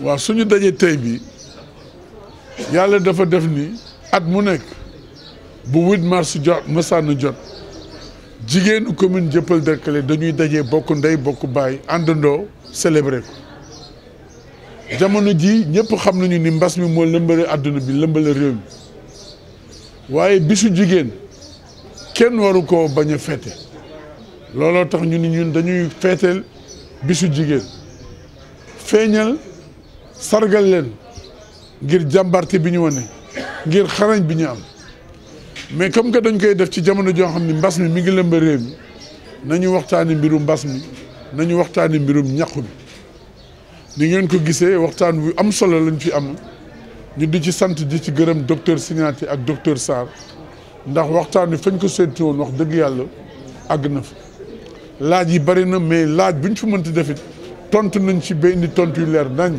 waaw suñu dajee tey bi yàlla dafa def ni at mu nekk bu 8 mars jot mësaan jot jigéenu commune Dieuppeul Derklé dañuy daje bokk ndey bokk baay àndandoo célébré ko jamono ji ñëpp xam nañu ni mbas mi moo lëmbale àdduna bi lëmbale réew mi waaye bisu jigéen kenn waru ko bañ a fete looloo tax ñu ni ñun dañuy feeteel bisu jigéen feeñal sargal leen ngir jàmbarte bi ñu wane ngir xarañ bi ñu am mais comme que dañ koy def ci jamono joo xam ni mbas mi mi ngi lëmba réew mi nañu waxtaani mbiru mbas mi nañu waxtaani mbirum ñàqu bi ni ngeen ko gisee waxtaan wu am solo lañ fi am ñu di ci sant di ci gërëm docteur Signaté ak docteur Sarr ndax waxtaan wi fañ ko séentu woon wax dëgg yàlla àgg na fa laaj yi bari na mais laaj buñ fi mënti defit tontu nañ ci benn tontu yu leer nañ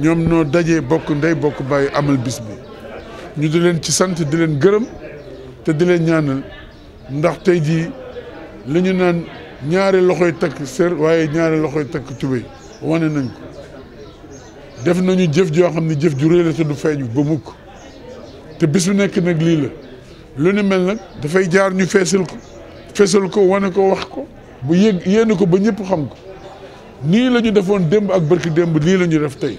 ñoom noo daje bokk ndey bokk bàyyi amal bis bi ñu di leen ci sant di leen gërëm te di leen ñaanal ndax tey jii li ñu naan ñaari loxoy takk sër waaye ñaari loxoy takk tubéy wane nañ ko def nañu jëf joo xam ne jëf ju réy la te du feeñu ba mukk te bis bu nekk nag lii la lu ne mel nag dafay jaar ñu feesal ko feesal ko wane ko wax ko bu yéeg yéen ko ba ñëpp xam ko nii la defoon démb ak barki démb lii la ñu def tey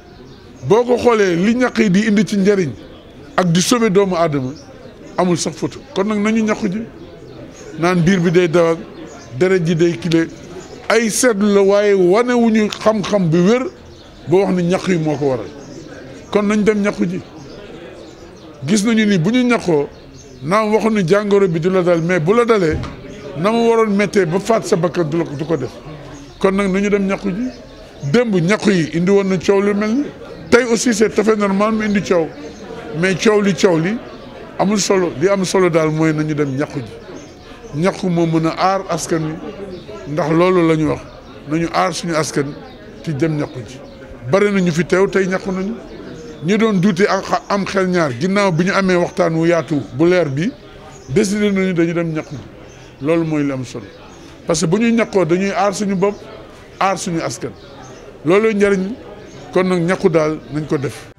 boo ko xoolee li ñaq yi di indi ci njariñ ak di sauver doomu aadama amul sax photo kon nag nañu ñaqu ji naan biir bi day daw ak deret ji day kile ay seetlu la waaye wane wu ñu xam-xam bi wér boo wax ni ñaq yi moo ko waral kon nañ dem ñaqu ji gis nañu ni bu ñu ñaqoo naam waxu ni jàngoro bi du la dal mais bu la dalee na mu waroon méttee ba faat sa bakkan du ko def kon nag nañu dem ñaqu ji démb ñaqu yi indi woon na coow lu mel ni tey aussi c'est tout à fait normal mu indi coow mais coow li coow li amul solo li am solo daal mooy nañu dem ñàqu ji ñàqu moo mën a aar askan wi ndax loolu la ñu wax nañu aar suñu askan ci dem ñàqu ji bari nañu fi teew tey ñàqu nañu ñu doon duute am xel ñaar ginnaaw bi ñu amee waxtaan wu yaatu bu leer bi décidé nañu dañu dem ñàqu ji loolu mooy li am solo parce que bu ñuy ñàqoo dañuy aar suñu bopp aar suñu askan loolu njariñ kon nag ñàkku daal nañ ko def